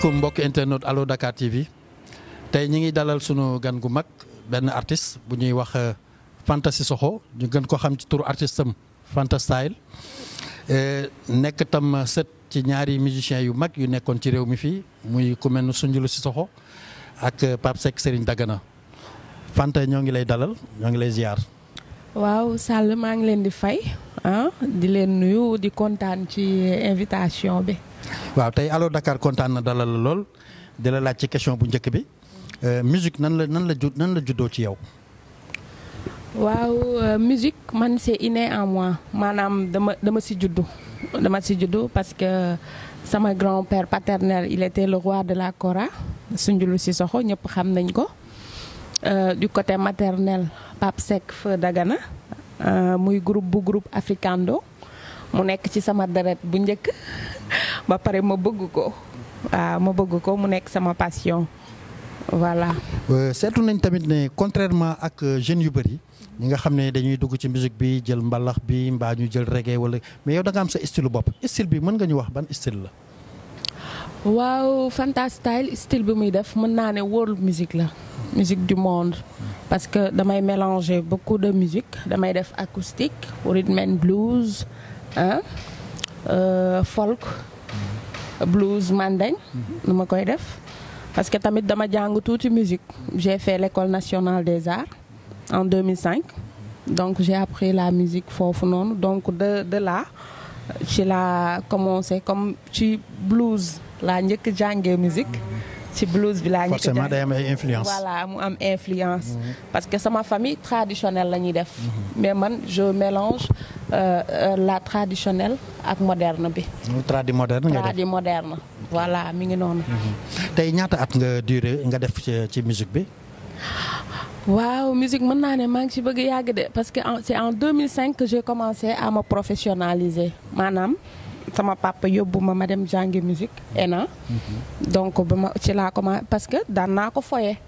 asalaamaaleykum mbokki internet allo Dakar TV tey ñi ngi dalal sunu gan gu mag benn artiste bu ñuy wax euh, Fanta soxo ñu gën ko xam ci turu artiste am Fanta Style euh, nekk tam sët ci ñaari musiciens yu mag yu nekkoon ci réew mi fii muy ku mel ne Soundioulo soxo ak euh, Pape Seck Serigne Dagana Fanta ñoo ngi lay dalal ñoo ngi lay ziar. waaw Sall maa ngi leen di fay ah, di leen nuyu di kontaan ci invitation bi. waaw tey Allo Dakar kontaan na dalal la lool di la laaj ci question bu njëkk bi euh, musique nan la nan la ju nan la juddoo ci yow. waaw euh, musique man c'est inné en moi maanaam dama dama si juddu dama si juddu parce que sama grand-père paternel il était le roi de la kora si soxo ñëpp xam nañ ko euh, di côté maternel Pape Seck Feu Dagana muy groupe bu groupe Africando mu nekk ci sama deret bu njëkk ba pare ma bëgg ko ah ma bëgg ko mu nek sama passion voilà. Euh, seetu nañ tamit né contrairement ak euh, jeune yu bëri ñi nga xamné dañuy dugg ci musique bi jël mbalax bi mbaa ñu jël reggae wala mais yow da nga am sa style bop style bi mën nga ñu wax ban style la. waaw Fanta Style style bi muy def mën naa ne world musique la musique du monde parce que damay mélanger beaucoup de musique damay def acoustique rhythm and blues hein, Euh, folk blues mandagne nous ma koy def parce que tamit dama jàng toute musique j'ai fait l'école nationale des arts en 2005 donc j'ai appris la musique fofu donc de de là j'ai la commencé comme tu blues la njëkk jàngee musique ci blues bi la njëkk forcément day influence voilà mu am influence mhm. parce que c'est ma famille traditionnelle la mhm. mais man je mélange euh, euh, la traditionnelle ak moderne bi. tradi moderne la moderne. voilà c'est ça. noonu. Mhm. tey ñaata at nga duré nga def musique bi. musique mën naa ne maa ngi ci de parce que c'est en 2005 que j'ai commencé à me professionnaliser maanaam sama papa yóbbu ma ma madame musique non mhm. donc ba ci parce que dans naa foyer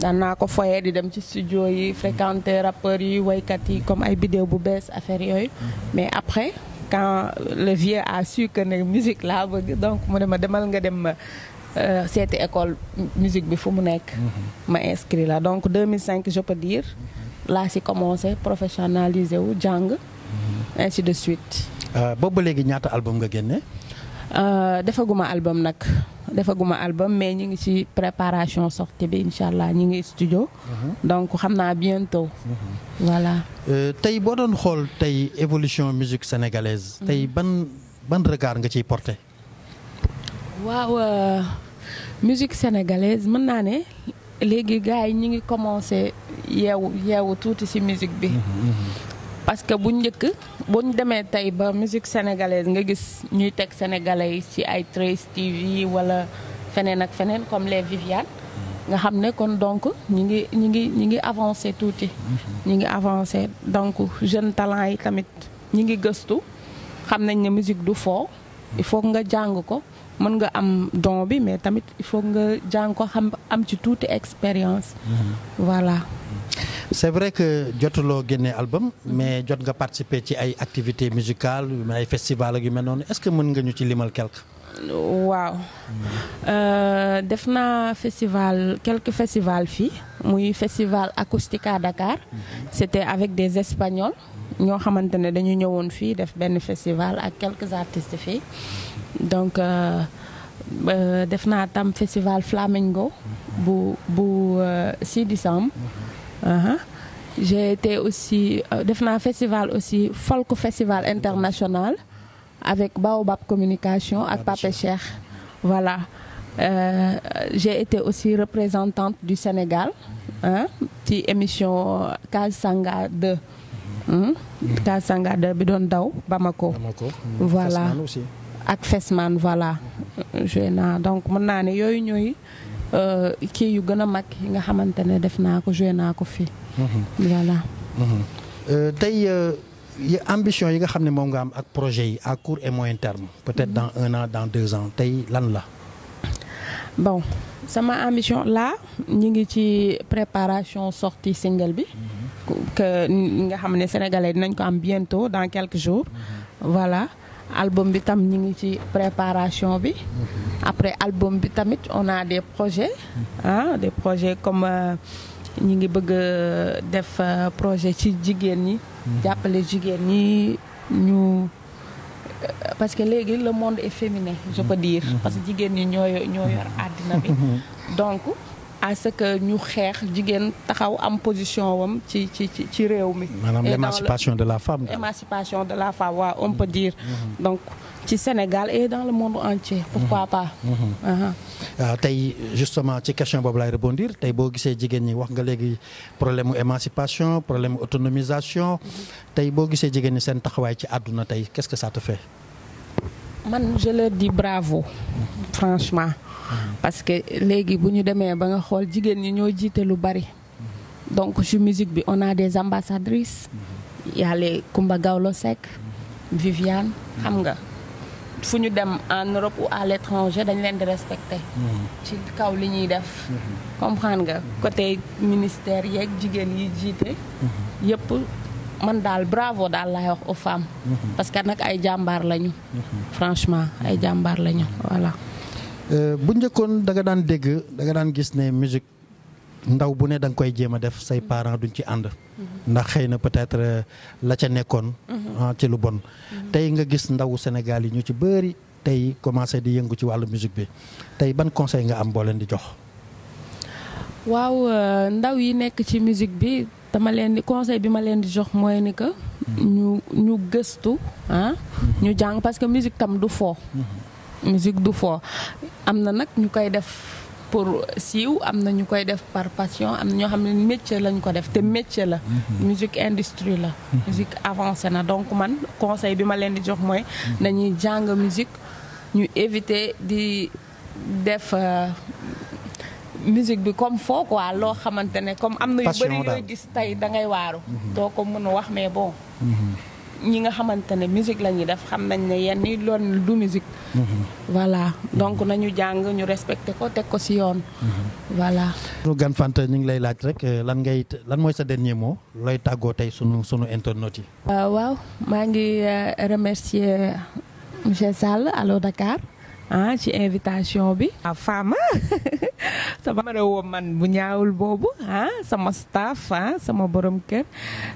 daan naa ko di dem ci studio yi fréquenter rappeurs yi yi comme ay bidéo bu bees affaire mais après quand le vieux a su que la musique là donc mu ne ma demal nga dem euh, seeti école musique bi fu mu mm-hmm. ma inscrit la donc 2005 je peux dire mm-hmm. là c'est commencé professionnaliser ou mm-hmm. ainsi de suite euh, bobo ba léegi ñaata album nga génne euh, defaguma album Nak defaguma album mais ñu ngi ci préparation sortie bi inshallah allah ñu ngi studio. Mhm. donc xamna bientôt. Mhm. voilà. Euh, tay bo doon xol tay évolution musique sénégalaise. Mhm. tay ban ban regard nga ciy porté. waaw euh, musique sénégalaise mën naa ne léegi gars yi ñu ngi commencé yeewu yeewu tuuti ci musique bi. parce que bu njëkk bu ñu demee tey ba musique sénégalaise nga gis ñuy teg sénégalais ci ay Trace TV wala feneen ak feneen comme les Viviane nga xam ne kon donc ñi ngi ñi ngi ñi ngi avancé tuuti mhm. ñi ngi avancé donc jeune talent yi tamit ñi ngi gëstu xam nañ ne musique du foo il faut nga jàng ko mën nga am donc bi mais tamit il faut nga jàng ko xam am ci tuuti expérience mhm. voilà c'est vrai que fait un album mais j'ai participé à ci ay activités musicales à des festivals festival est-ce que vous avez ñu ci limal quelque waaw euh, festival quelques festivals ici. le festival Acoustica Dakar c'était avec des Espagnols Nous avons ne dañu nous def festival ak quelques artistes ici. donc euh, eu le festival Flamingo Le euh, 6 décembre Uh-huh. j'ai été aussi euh, défendant un festival aussi Folk festival international avec Baobab communication avec Pape voilà euh, j'ai été aussi représentante du Sénégal hein, ci émission Kassanga Sanga 2 Case Sanga 2 bi Bamako mm-hmm. voilà ak Fesman voilà Je donc mon naa ne euh, kii yu gëna a mag yi nga xamante ne def naa ko joué naa ko fii. Mhm. voilà. Mhm. Euh, tey euh, ambition yi nga xam mom nga am ak projet yi à court et moyen terme peut-être mhm. dans un an dans deux ans tay lan la. bon sama ambition là ñi ngi ci préparation sortie single bi. que nga xam sénégalais dinañ ko am bientôt dans quelques jours. voilà album bi tam ñi ngi ci préparation bi. Mhm. après album bi tamit on a des projets. hein, des projets comme euh, ñi ngi bëgg euh, def euh, projet ci jigéen ñi. Mhm. jappelé jigéen ñi ñu. parce que légui le monde est féminin je mhm. peux dire parce que jigéen ñi ñoy ñoo yor bi donc à ce que nous xeex une position wam de la femme. L'émancipation de la femme on peut mm-hmm. dire. Mm-hmm. donc au Sénégal et dans le monde entier. pourquoi mm-hmm. pas. Justement, uh-huh. euh, Tu justement ci question à répondre. rebondir as boo gisee jigéen ñi wax nga léegi problème d'autonomisation. émancipation problème autonomisation. tey boo gisee jigéen ñi ci qu'est-ce que ça te fait. je leur dis bravo franchement. parce que léegi bu ñu demee ba nga xool jigéen ñi ñoo jiite lu bari. donc ci musique bi on a des ambassadrices. y a les Kumba Gawlo Seck. Viviane xam nga. fu ñu dem en Europe ou à l'étranger dañ leen di respecter. Mm-hmm. ci kaw li ñuy def. Mm-hmm. comprendre nga côté ministère yeeg jigéen yi jiite. Mm-hmm. yëpp man daal bravo daal lay wax aux femmes. parce que nag ay jàmbaar lañu. franchement ay jàmbaar lañu voilà. Euh, bu njëkkoon da nga daan dégg da nga daan gis ne musique ndaw bu ne da nga koy jéem a def say parent duñ ci ànd. Mm-hmm. ndax xëy na peut-être euh, la ca nekkoon. Mm-hmm. Ah, ci lu bon. Mm-hmm. tey nga gis ndawu Sénégal yi ñu ci bëri tey commencé di yëngu ci wàllu musique bi tey ban conseil nga am boo leen di jox. waaw euh, ndaw yi nekk ci musique bi dama leen di conseil bi ma leen di jox mooy ni que. ñu ñu gëstu ah, ñu jàng parce que musique tam du foo. musique du fo am na def pour siw amna ñukay def par passion amna ño xamné métier lañ ko def té métier la. Mhm. musique industrie la. Mhm. musique avancée na donc man conseil bima ma di jox moy dañuy mhm. jàng musique ñu éviter di def. Euh, musique bi comme fo quoi loo xamante comme amna yu bari yooyu gis tay da ngay waru doo ko wax mais bon ñi nga xamante ne musique la ñuy def xam nañ ne yenn yi loon du musique mm-hmm. voilà donc nañu jàng ñu respecté ko teg ko ci yoon mm-hmm. voilà sunu gan ñu ngi lay laaj rek euh, lan ngay lan mooy sa dernier mot looy tàggoo tey sunu sunu internautes yi euh, waaw maa ngi euh, remercier monsieur Sall Allo Dakar ah ci invitation bi. ah Fama sama numéro man bu ñaawul boobu ah, sama staff ah sama borom kër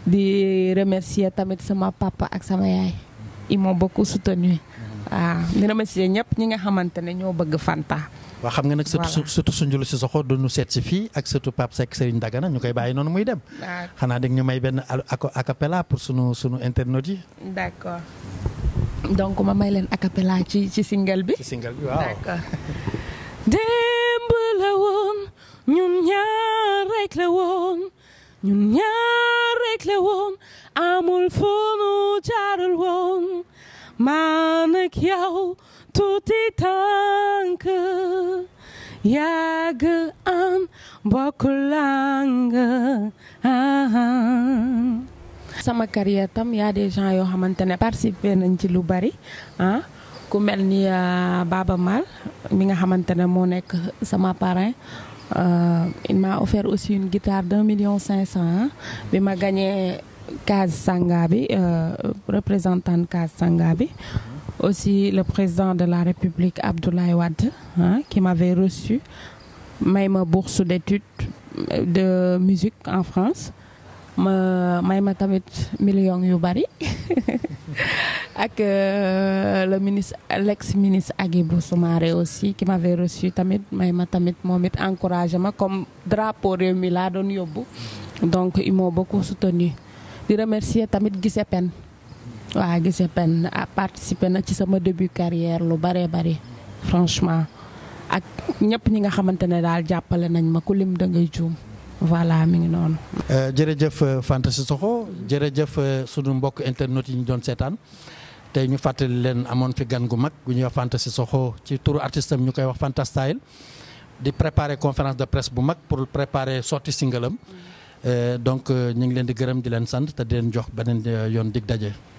di remercier tamit sama papa ak sama yaay ils m'ont beaucoup soutenu waaw ah, di remercier ñëpp ñi nga xamante ne ñoo bëgg Fanta. waa xam nga nag surtout surtout Sunjulu Sissoko du nu seet si fii ak surtout Pape Seck Serigne Dagana ñu koy bàyyi noonu muy dem. xanaa dégg ñu may benn acapella pour sunu sunu internautes yi. d'accord. donc ma may leen acapella ci ci bi. ci woon ñun ñaar rek woon ñun ñaar rek woon amul fu nu jaarul woon man ak yow tuuti tànk yàgg an bokk làng ah, ah. sama carrière tam y a des gens yo xamantene participer nañ ci lu bari ah ku melni euh, Baba Mal mi nga xamantene mo nek sama parrain euh, il m'a offert aussi une guitare d'un million cinq cents. Ah. Il ma gagné Kaz Sangabi, représentant représentant Kaz sanga euh, aussi le président de la République Abdoulaye Wade hein, qui m'avait reçu, même bourse d'études de musique en France. ma may ma tamit million yu bari ak euh, le ministre l'ex ministre Agibo Soumaré aussi qui m'avait reçu tamit may ma tamit momit encouragement ma comme drapeau rew mi la don yobbu donc ils m'ont beaucoup soutenu di remercier tamit Gisepen wa Gisepen a participé na ci sama début carrière lu bari bari franchement ak ñep ñi nga xamantene dal jappalé nañ ma ku lim da ngay joom voilà mi ngi noonu. Euh, jërëjëf euh, Fanta Cissokho jërëjëf euh, sunu mbokk internet yi ñu doon seetaan tey ñu fàttali leen amoon fi gan gu mag gu ñuy wax Fanta Cissokho ci tour artiste ñu koy wax Fanta Style di préparer conférence de presse bu mag pour préparer sortie single am donc ñu ngi leen di gërëm di leen sant te di leen jox beneen yoon dig daje.